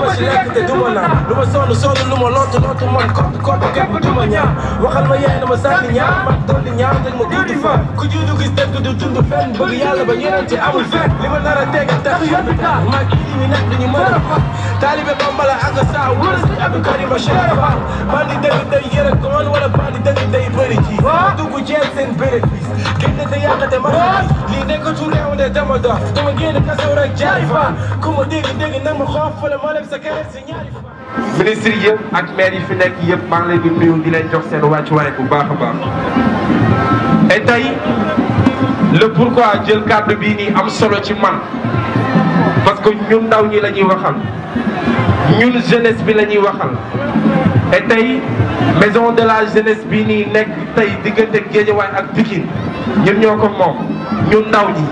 lu ma lekk te du ma naan lu ma sonn sonn lu ma lootu lootu man kott kott képp du ma ñaar waxal ma yaay na ma sànni ñaar man dolli ñaar rek ma guddi fa ku juudu gis dëgg du dund fenn bëgg yàlla ba yeneen ci amul fenn li ma nar a teg tax yóbbu taal maa ngi indi ñu nekk duñu mën a fa taalibe bambala ak saa wër si Abdou Karim Cheikh Fall man di dëgg day yërëg ko man wala man di dëgg day bëri ji dugg jeel seen bénéfice génn te yàq te man lii nekk tuuleew ne dama dox dama génn kasaw rek jaay fa ku ma dégg dégg nag ma xoof fa la ma ministre yëpp ak maire yi fi nekk yëpp maa ngi leen di nuyu di leen jox seen wàccuwaay bu baax a baax. et tey le pourquoi jël kàddu bii nii am solo ci man parce que ñun ndaw ñi lañuy ñuy waxal ñun jeunesse bi la ñuy waxal. et tey maison de la jeunesse bii nii nekk tey diggante Guédiawaye ak Pikine ñun ñoo ko moom ñun ndaw ñi.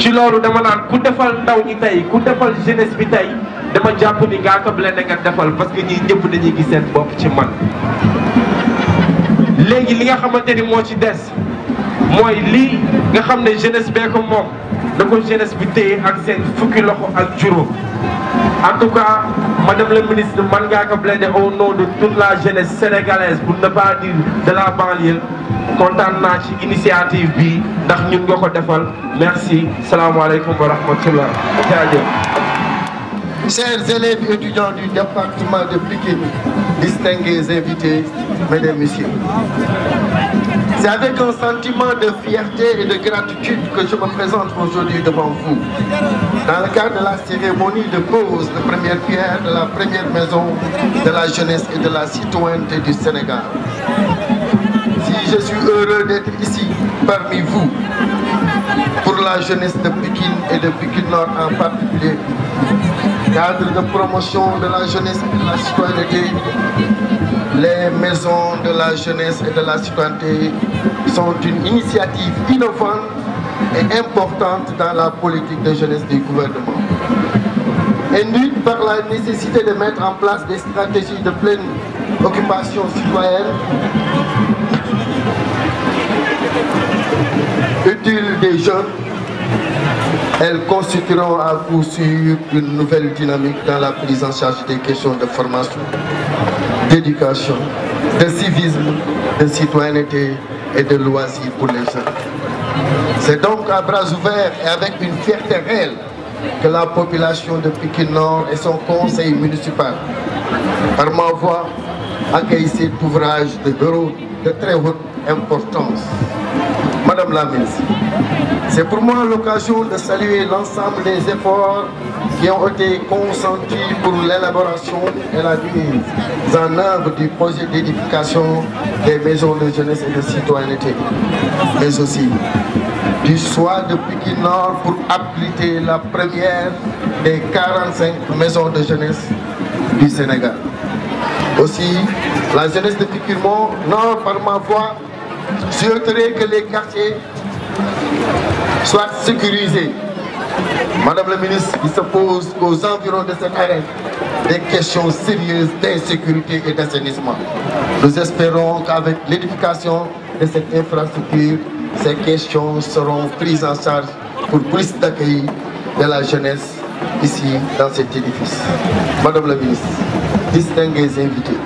ci loolu dama naan ku defal ndaw ñi tey ku defal jeunesse bi tey. dama jàpp ni Ngaaka Blindé nga defal parce que ñii ñëpp dañuy gis seen bopp ci man léegi li nga xamante ni moo ci des mooy lii nga xam ne jeunesse bee ko moom da ko jeunesse bi téye ak seen fukki loxo ak juróom en tout cas madame la ministre man Ngaaka Blindé au nom de toute la jeunesse sénégalaise pour ne pas dire de la kontaan naa ci initiative bi ndax ñu nga ko defal merci salaamaaleykum wa rahmatullah jaajëf chers élèves étudiants du département de Pékin, distingués invités, mesdames, messieurs. C'est avec un sentiment de fierté et de gratitude que je me présente aujourd'hui devant vous. Dans le cadre de la cérémonie de pose de première pierre de la première maison de la jeunesse et de la citoyenneté du Sénégal. Si je suis heureux d'être ici parmi vous, pour la jeunesse de Pékin et de Pékin Nord en particulier, cadre de promotion de la jeunesse et de la citoyenneté, les maisons de la jeunesse et de la citoyenneté sont une initiative innovante et importante dans la politique de jeunesse du gouvernement. Induite par la nécessité de mettre en place des stratégies de pleine occupation citoyenne, utile des jeunes elles constitueront à coup sûr une nouvelle dynamique dans la prise en charge des questions de formation, d'éducation, de civisme, de citoyenneté et de loisirs pour les gens. C'est donc à bras ouverts et avec une fierté réelle que la population de Pékin Nord et son conseil municipal, par ma voix, accueillissent cet ouvrage de bureau de très haute importance. Madame la ministre, c'est pour moi l'occasion de saluer l'ensemble des efforts qui ont été consentis pour l'élaboration et la mise en œuvre du projet d'édification des maisons de jeunesse et de citoyenneté, mais aussi du soir de Pékin Nord pour abriter la première des 45 maisons de jeunesse du Sénégal. Aussi, la jeunesse de Nord, par ma voix, souhaiterais que les quartiers soient sécurisés. Madame la ministre, il se pose aux environs de cette arène des questions sérieuses d'insécurité et d'assainissement. Nous espérons qu'avec l'édification de cette infrastructure, ces questions seront prises en charge pour plus d'accueil de la jeunesse ici dans cet édifice. Madame la ministre, distingués invités,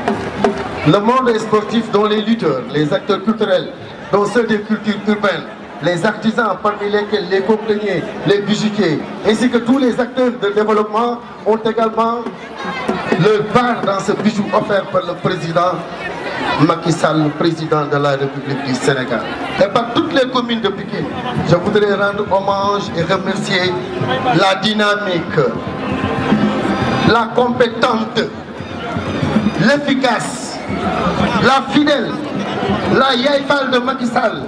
le monde sportif dont les lutteurs, les acteurs culturels, dont ceux des cultures urbaines, les artisans parmi lesquels les compagniers, les bijoutiers, ainsi que tous les acteurs de développement ont également leur part dans ce bijou offert par le président Macky Sall, président de la République du Sénégal. Et par toutes les communes de Pékin, je voudrais rendre hommage et remercier la dynamique, la compétente, l'efficace la fidèle, la Yaïfal de Macky Sall.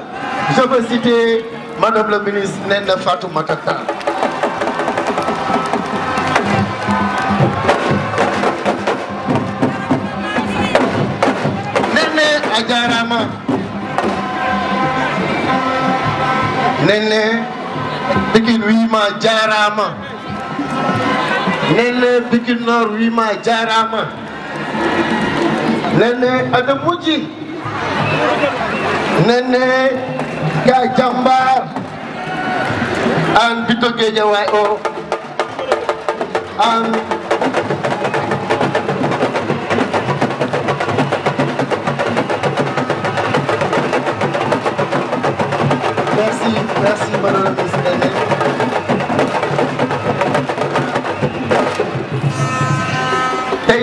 Je veux citer Madame ministre Nenda Fatou Matata. Nene Ajarama. Nene Bikin Wima Jarama. nene ana mujji nene ga jambar an bito Guédiawaye o an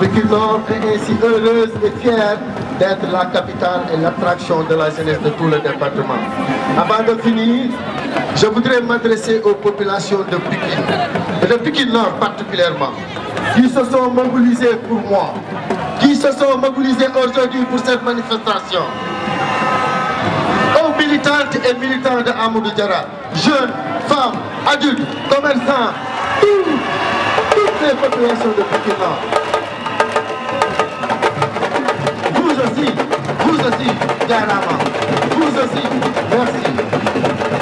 Piquilor est ainsi heureuse et fière d'être la capitale et l'attraction de la jeunesse de tout le département. Avant de finir, je voudrais m'adresser aux populations de et de Pékin Nord particulièrement, qui se sont mobilisées pour moi, qui se sont mobilisées aujourd'hui pour cette manifestation. Aux militantes et militants de Amoudou Djara, jeunes, femmes, adultes, commerçants, toutes, les populations de Pékin aussi, Vous aussi, merci.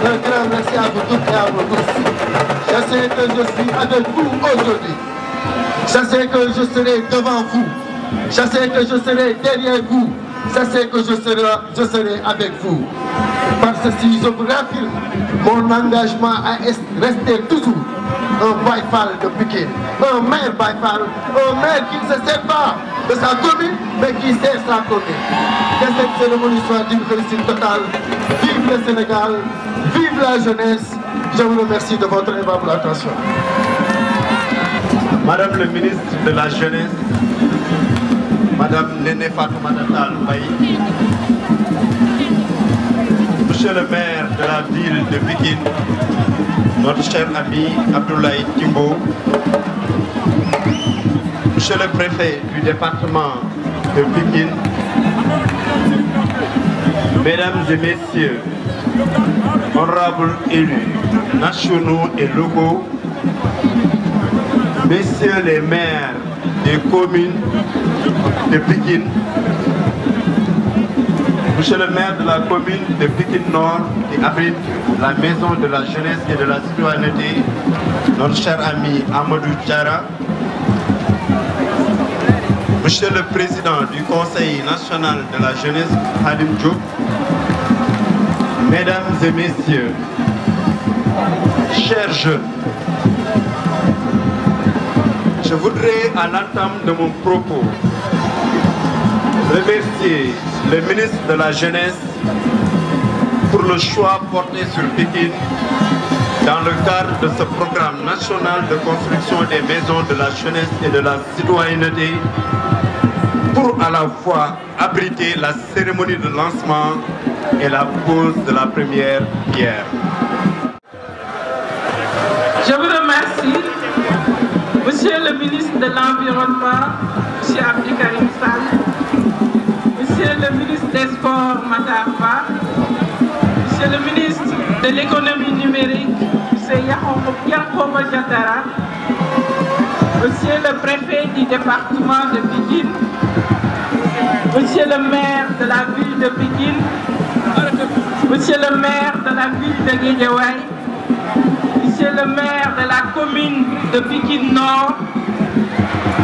Un grand merci à vous toutes et à vous tous. Je sais que je suis avec vous aujourd'hui. Je sais que je serai devant vous. Je sais que je serai derrière vous. Je sais que je serai, je serai avec vous. Parce que si je vous rappelle mon engagement à rester toujours un Baïfal de piquet, un maire Baïfal, un maire qui ne se sépare pas de sa commune, mais qui sait sa commune. Que cette cérémonie soit d'une réussite totale. Vive le Sénégal, vive la jeunesse. Je vous remercie de votre aimable attention. Madame le ministre de la Jeunesse, Madame Néné Fatoumata Mbaye, Monsieur le maire de la ville de Pékin, notre cher ami Abdoulaye Timbo, Monsieur le préfet du département de Pékin, Mesdames et Messieurs, honorables élus nationaux et locaux, Messieurs les maires des communes de Pékin, Monsieur le maire de la commune de Pékin Nord qui abrite la maison de la jeunesse et de la citoyenneté, notre cher ami Amadou Tchara, Monsieur le Président du Conseil national de la jeunesse, Hadim Djouk, Mesdames et Messieurs, chers jeunes, je voudrais à l'entame de mon propos remercier le ministre de la Jeunesse pour le choix porté sur Pékin dans le cadre de ce programme national de construction des maisons de la jeunesse et de la citoyenneté pour à la fois abriter la cérémonie de lancement et la pose de la première pierre. Je vous remercie, Monsieur le ministre de l'Environnement, Monsieur Abdi Karim Monsieur le ministre des Sports, Madame Monsieur le ministre de l'Économie numérique, Monsieur Yankoba Jatara, Monsieur le préfet du département de Bidine, Monsieur le maire de la ville de Pékin, Monsieur le maire de la ville de Guédiawaye, Monsieur le maire de la commune de Pékin Nord,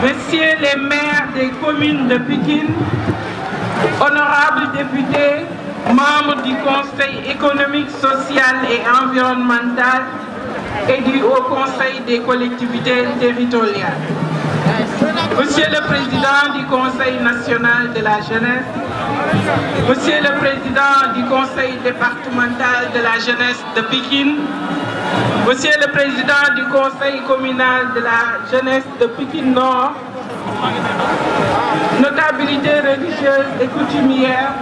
Monsieur les maires des communes de Pékin, honorables députés, membres du Conseil économique, social et environnemental et du Haut Conseil des collectivités territoriales. Monsieur le Président du Conseil national de la jeunesse, Monsieur le Président du Conseil départemental de la jeunesse de Pékin, Monsieur le Président du Conseil communal de la jeunesse de Pékin Nord, notabilité religieuse et coutumière,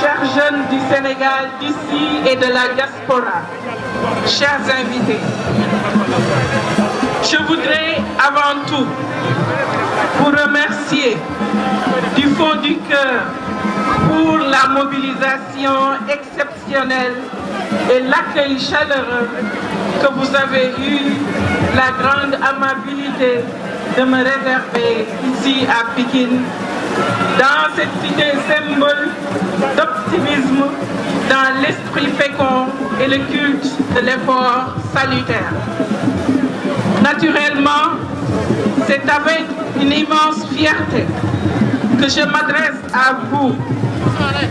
chers jeunes du Sénégal, d'ici et de la diaspora, chers invités, je voudrais avant tout vous remercier du fond du cœur pour la mobilisation exceptionnelle et l'accueil chaleureux que vous avez eu la grande amabilité de me réserver ici à Pékin, dans cette cité symbole d'optimisme, dans l'esprit fécond et le culte de l'effort salutaire. Naturellement, c'est avec une immense fierté que je m'adresse à vous,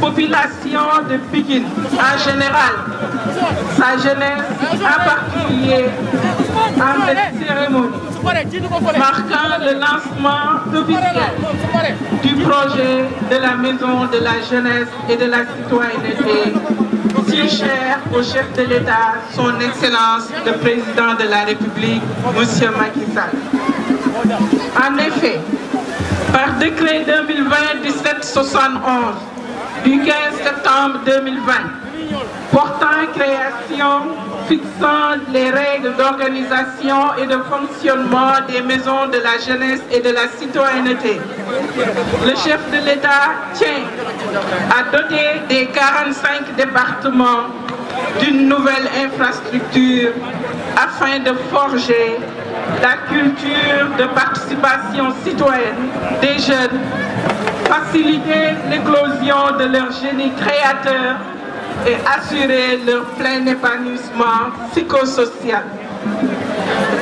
population de Pékin en général, sa jeunesse en particulier, en cette cérémonie marquant le lancement officiel du projet de la Maison de la Jeunesse et de la Citoyenneté si cher au chef de l'État, son Excellence, le Président de la République, M. Macky Sall. En effet, par décret 2020-1771 du 15 septembre 2020, portant création, fixant les règles d'organisation et de fonctionnement des maisons de la jeunesse et de la citoyenneté. Le chef de l'État tient à doter des 45 départements d'une nouvelle infrastructure afin de forger la culture de participation citoyenne des jeunes, faciliter l'éclosion de leur génie créateur et assurer leur plein épanouissement psychosocial.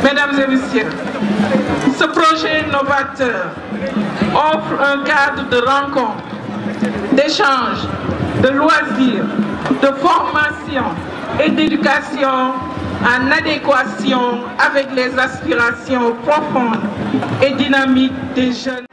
Mesdames et messieurs, ce projet novateur offre un cadre de rencontre, d'échanges, de loisirs, de formation et d'éducation en adéquation avec les aspirations profondes et dynamiques des jeunes.